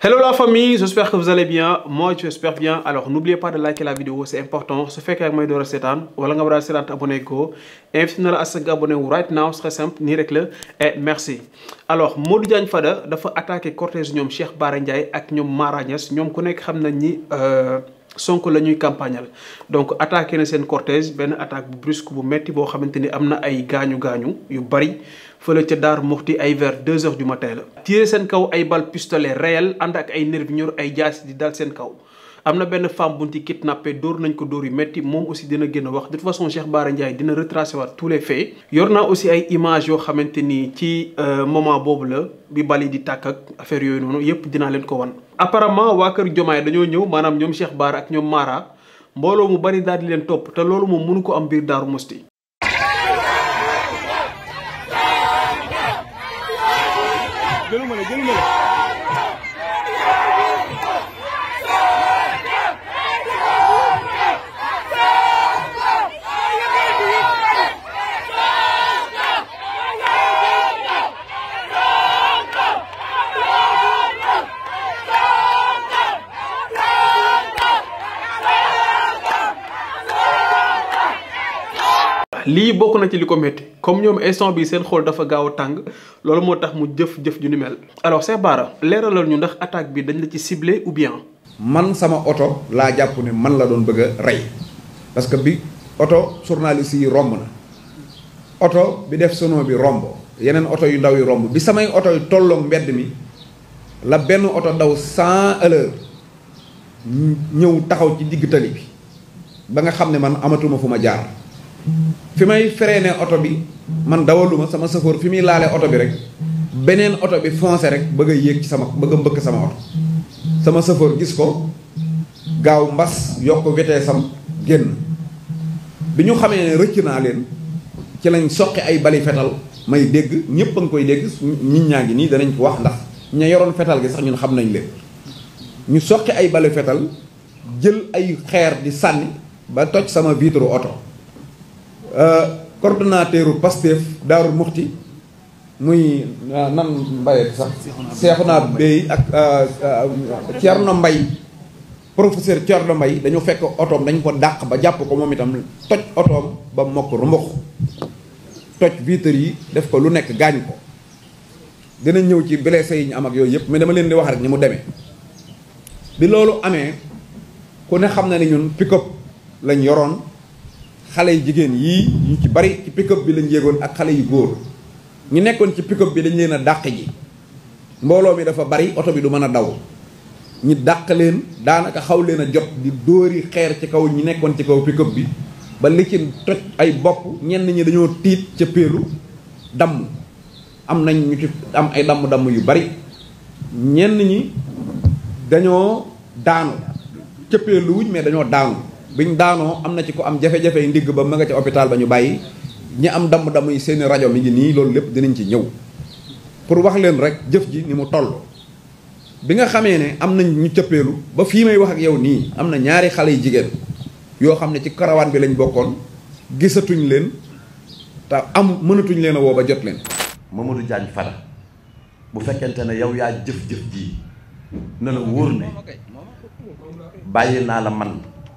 Hello la famille, j'espère que vous allez bien. Moi, j'espère bien. Alors, n'oubliez pas de liker la vidéo, c'est important. Ce fait que vous avez setan, ou alors vous avez abonné go. Invitez-nous à vous abonner right now, c'est très simple, ni règle. Et merci. Alors, Modou Diagne Fada, dafa attaquer cortège ñom Cheikh Bara et ak ñom Mara Niass, ñom ku nek xam nañ ni euh la donc attaquer na seen cortège une attaque bu brusque bu metti boo xamante ni am na ay gaañu yu bari fële ci dar Muxti ay vers 2 heures du matin la tiire sen kaw ay bal pistolet réel and ak ay nervinure ay jass di dal sen kaw amna ben femme bunti kidnappé dor nañ ko dor yu metti mom aussi dina gëna wax de toute façon Cheikh Bara ndjay dina retracer waat tous les faits yorna aussi ay images yo xamanteni ni ci euh, moment bobu la bi bali di tak ak affaire yoy nonu yépp dina len ko wan apparemment wa keur Jomaay dañu ñëw manam ñom Cheikh Bara ak ñom Mara mbolo mu bari dal di len top té lolu mom mënu ko am biir daru musti li bokk na ci li ko métti comme ñoom instant bi seen xol dafa gaaw a tàng loolu moo tax mu jëf jëf ju ni mel. alors Cheikh Bara leeralal ñu ndax attaque bi dañ la ci ciblé ou bien. man sama oto laa jàpp ne man la doon bëgg a rey parce que bi oto journaliste yi romb na oto bi def sono bi romb yeneen oto yu ndaw yi romb bi samay oto yu tolloog mbedd mi la benn oto daw cent à l'heure ñëw taxaw ci digg tali bi ba nga xam ne man amatuma fu ma jaar. fi may freiné oto bi man dawaluma sama safoor fi muy laalee oto bi rek beneen oto bi foncé rek bëgg a yéeg ci sama bëgg a mbëkk sama oto sama safoor gis ko gaaw mbas yokk vitesse sam génn bi ñu xamee ne rëcc naa leen ci lañ soqi ay bali fetal may dégg ñëpp a ngi koy dégg nit ñaa ngi nii danañ ko wax ndax ña yoroon fetal gi sax ñu xam nañ leen ñu soqi ay bali fetal jël ay xeer di sànni ba toj sama vitre oto Euh, coordonnateur u Pastef Daaru Muxti muy euh, nan Mbaye sax naa Bey ak euh, Thierno Mbaye professeur Thierno mbay dañu fekk otoom dañ ko dàq ba jàpp ko moom itam toj otoom ba mokk rumbux toj vitre yi def ko lu nekk gaañ ko dinañ ñëw ci blessé yi ñu am ak yooyu yëpp mais dama leen di wax rek ni mu demee bi loolu amee ku ne xam na ne ñun pick-up lañ yoroon xale yu jigéen yii ñu ci bari ci pick bi lañ yéegoon ak xale yu góor ñu nekkoon ci pick bi dañ leen a dàq ji mbooloo mi dafa bari oto bi du mën a daw ñi dàq leen daanaka xaw leen a jot di dóori xeer ci kaw ñi nekkoon ci kaw pick bi ba li ci toj ay bopp ñenn ñi dañoo tiit ca péelu damm am nañ ñu ci am ay damm-damm yu bari ñenn ñi dañoo daanu cëppeelu wuñ mais dañoo daanu biñ daanoo am na ci ko am jafe-jafe ndigg ba ma nga ca hôpital ba ñu bàyyi ñi am damm-damm yi seeni rajo mi ngi nii loolu lépp dinañ ci ñëw pour wax leen rek jëf ji ni mu toll bi nga xamee ne am nañ ñu cëppeelu ba fii may wax ak yow nii am na ñaari xale yu jigéen yoo xam ne ci karawaan bi lañ bokkoon gisatuñ leen te am mënatuñ leen a woo ba jot leen Mamadou Diagne Fada bu fekkente ne yow yaa jëf-jëf ji na la wóor ne bàyyi naa la man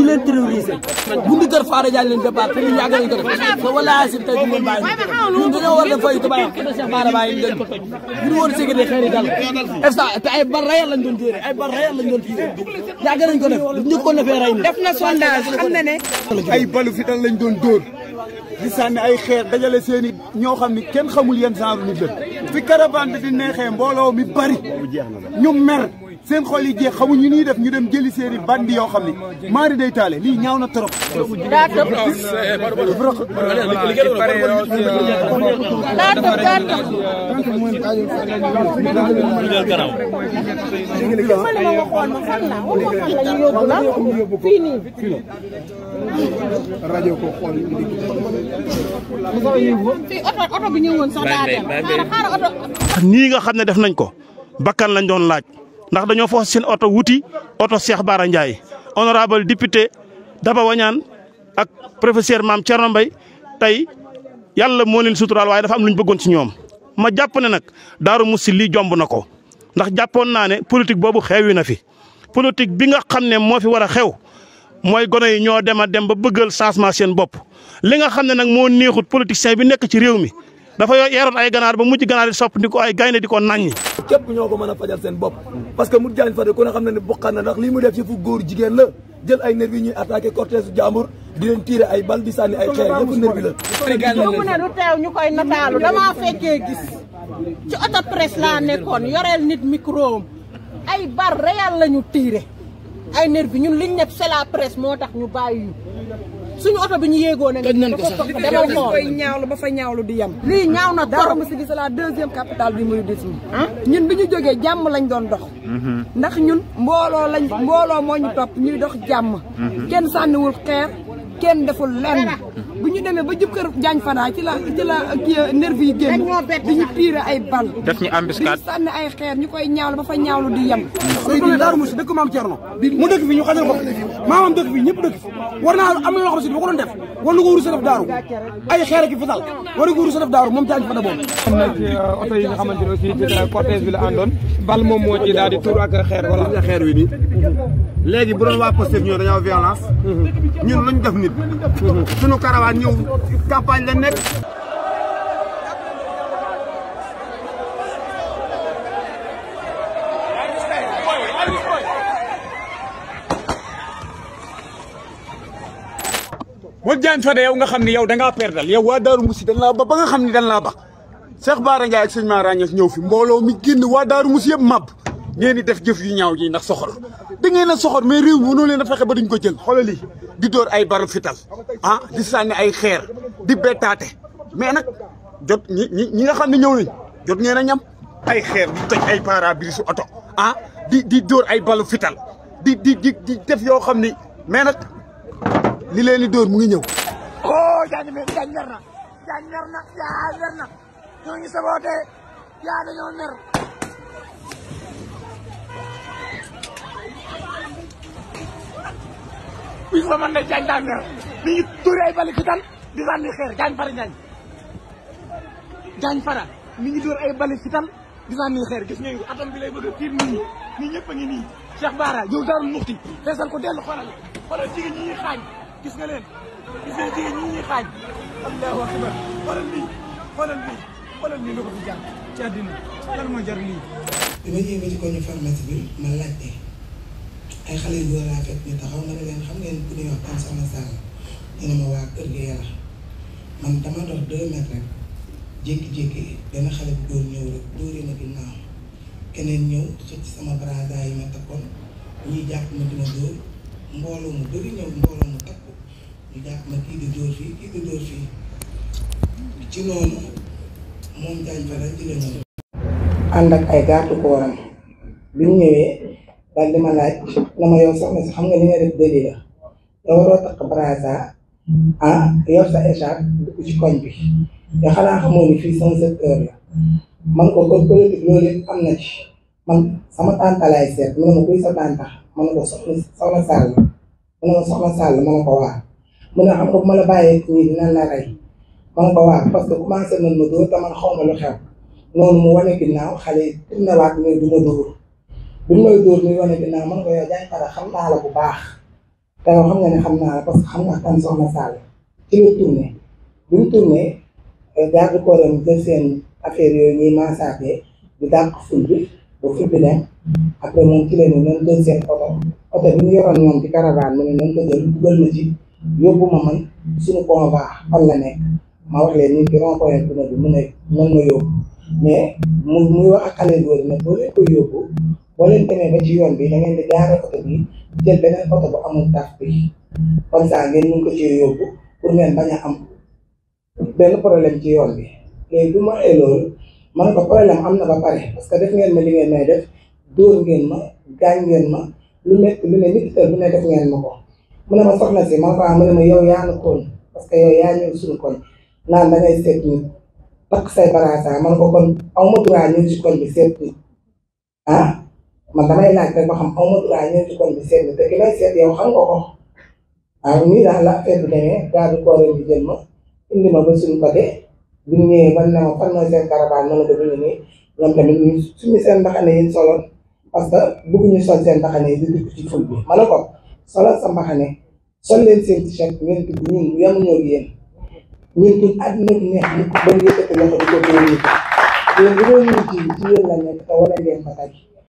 di leen terroriser bundu kër Faara Diagne leen départ te ñun yàgg fay tubaab ko Cheikh Bara woon sécurité xëy na dal te ay doon tiire ay bar rayal lañ doon tiire yàgg xam ay xeer dajale seen i ni kenn xamul yenn genre nit la fi caravane bi di neexee mbooloo mi bari ñu mer seen xol yi jeex xamuñu ñuy def ñu dem jëli seeni bandi yoo xam ne maari day taale lii ñaaw na trop. daa tëb daa rajo ko nii nga xam ne def nañ ko bakkan lañ doon laaj. ndax dañoo fo seen auto wuti auto Cheikh Bara ndjay honorable député Daba wañan ak professeur mam Thierno mbay tay yalla mo len sutural way dafa am luñu bëggon ci ñoom ma japp ne nak daru musli jomb nako ndax jappon na ne politique bobu xewi na fi politique bi nga xamne mo fi wara xew moy gone yi ñoo dem a dem ba bëggal changement seen bop li nga xamne nak mo neexut politicien bi nek ci réew mi dafa yaroon ay ganar ba mujj ganar di sopp ay gayne diko nañ kep ñoo ko mën fajal seen bop parce que mu jaañ fa de ne na ne ne bokkaan na nak li mu def fu goor jigen la jël ay yi ñuy attaquer cortège su jàmbur di len tirer ay balle di sànni ay xeer nerf bi la ñu ne lu tew ñu koy nataalu damaa fekkee gis ci auto presse la nekkon yorel nit micro ay bar real lañu tirer ay nerf bi ñun liñ nepp c'est la presse motax ñu bayyi suñu oto bi ñu yéegoon ne. toj nañ ko sax demal xool koy ba fa ñaawlu di yem. lii ñaaw na dara mu si gis la bi capitale du mouridisme. ñun bi ñu jóge jàmm lañ doon dox. Mhm. ndax ñun mbooloo lañ mbooloo moo ñu topp ñuy dox jàmm. Mhm. kenn sànniwul xeer. kenn deful lenn bu ñu demee ba jub kër Diagne Fada ci la ci la kii nervi yi génn di ñu tiire ay bal def ñu embuscade di sànni ay xeer ñu koy ñaawlu ba fa ñaawlu di yem dëkk Daaru Musi dëkk maam Thierno mu dëkk fi ñu xajal ko maamam dëkk fi ñëpp dëkk fi war naa am na loo xam si ba ko doon def war na ko rusa def daaru ay xeer ak i fital moom Diagne Fada boobu am euh, oto yi nga xamante ne aussi ci cortège bi la àndoon bal moom moo ci daal di tuur ak xeer wala xeer wi nii léegi bu doon waa Pastef ñoo dañoo violence mhm. ñun luñ def ni politique suñu karawaan ñëw campagne la mo jant fa de yow nga xamni yow da nga perdal yow wa daru Musi dañ laa ba ba nga xamni dañ la ba Cheikh baara Ndiaye ak sëñ Mara ñew fi mbolo mi genn wa daru Musi yëpp ngeen di def jëf yu ñaaw yi ndax soxor di ngeen a soxor mais réew mi mënoo leen fexe ba duñ ko jël xoolal lii di dóor ay baru fital ah di ay xeer di bettaate mais nag jot ñi ñi ñi nga xam ne ñëw jot ngeen a ay xeer di ay pare oto ah, di di dóor ay balu fital di di di def yoo xam ni mais nag li leen di dóor mu ngi ñëw. oh Diagne mais Diagne mer na ñooñu sabootee yaa dañoo mer. sama ne jàng daal ne mi ngi tuuri ay bali fital di sànni xeer jàng fara jàng jàng fara mi ngi dóor ay bali fital di sànni xeer gis ngeen atom bi lay bëgg a tiir nit ñi ngi nii Cheikh Bara yow daaru muxti feesal ko dellu xoolal xoolal jigéen ñi ñuy gis nga leen gis nga jigéen ñi ñuy allahu akbar xoolal lii xoolal lii xoolal lii lu ko fi jàng ci àddina lan moo jar lii bi ma jéemee ci koñu pharmacie bi ma laajte ay xale yu góor laa fekk ñu taxaw ma ne leen xam ngeen ku ñuy wax Pape Samba Sall ñu ne ma waa kër gi dama dox deux mètres jékki-jékki benn xale bu góor ñëw rek dóoree ma ginnaaw keneen ñëw xëcc sama brassard yi ma takkoon ñuy jàpp ma dina dóor mbooloo mu bëri ñëw mbooloo mu takku ñu jàpp ma kii di dóor fii kii di dóor fii ci noonu moom Diagne Fada ci la ñëw. ànd ak ay garde corps am bi mu ñëwee. daal di ma laaj na ma yow xam nga li nga def déli la nga takk brasa mm-hmm. ah yor sa écharpe dugg koñ bi te xanaa xamoo ni fii sama secteur la mm-hmm. man ko ko ko waa xam nga bu la bàyyee ñii dinañ la rey ma ko waa parce que commencé nañ ma dóor te man xew noonu mu wane ginnaaw xale yi na waat ñooy du ma dóor bi mu may dóor muy wane ginnaaw man ko yow jaay pare xam naa la bu baax te yow xam nga ne xam naa la parce xam nga kan soxna Sall ci la tourné bi mu tourné euh, garde corps am jël seen affaire yooyu ñuy maasaatee di dàq ful bi après moom ci la ñu doon jël seen oto oto bi ñoom ci caravane mu ne nañ ko jël dugal na ci yóbbu ma man bi mu ne man ma yóbbu mais mu muy wax ak xale góor ne koy yóbbu. boo leen demee ba ci yoon bi da ngeen di gaare oto bi jël beneen oto bu amul taf bi comme ça ngeen mun ko ci yóbbu pour ngeen bañ a am benn problème ci yoon bi léegi bu ma waxee loolu ma ne am na ba pare parce que def ngeen ma li ngeen may def dóor ngeen ma gaañ ngeen ma lu métti lu ne bu ne def ngeen ma ko mu ne ma soxna si ma faa ah, mu ne ma yow yaa na koon parce que yow yaa ñëw suñu koon naan da seet nit takk say barasa man ko kon aw ma droit man damay laaj rek ba xam aw ma tuuraay ñëw seet bi te ki seet yow xam nga ko waaw nii la affaire bi demee daal di kooree bi jël ma indi ma ba suñu côté bu ñu ba ne fan mooy seen caravane ma ne ko bu ñu nii ñoom seen mbaxane yi soloon parce que bëgguñu sol seen mbaxane yi di dugg ci ko solal sa mbaxane sol seen t-shirt ngeen dugg ñun yemuñoo ak ba yëkkati loxo di bu doon ñu ji ci ngeen fa taj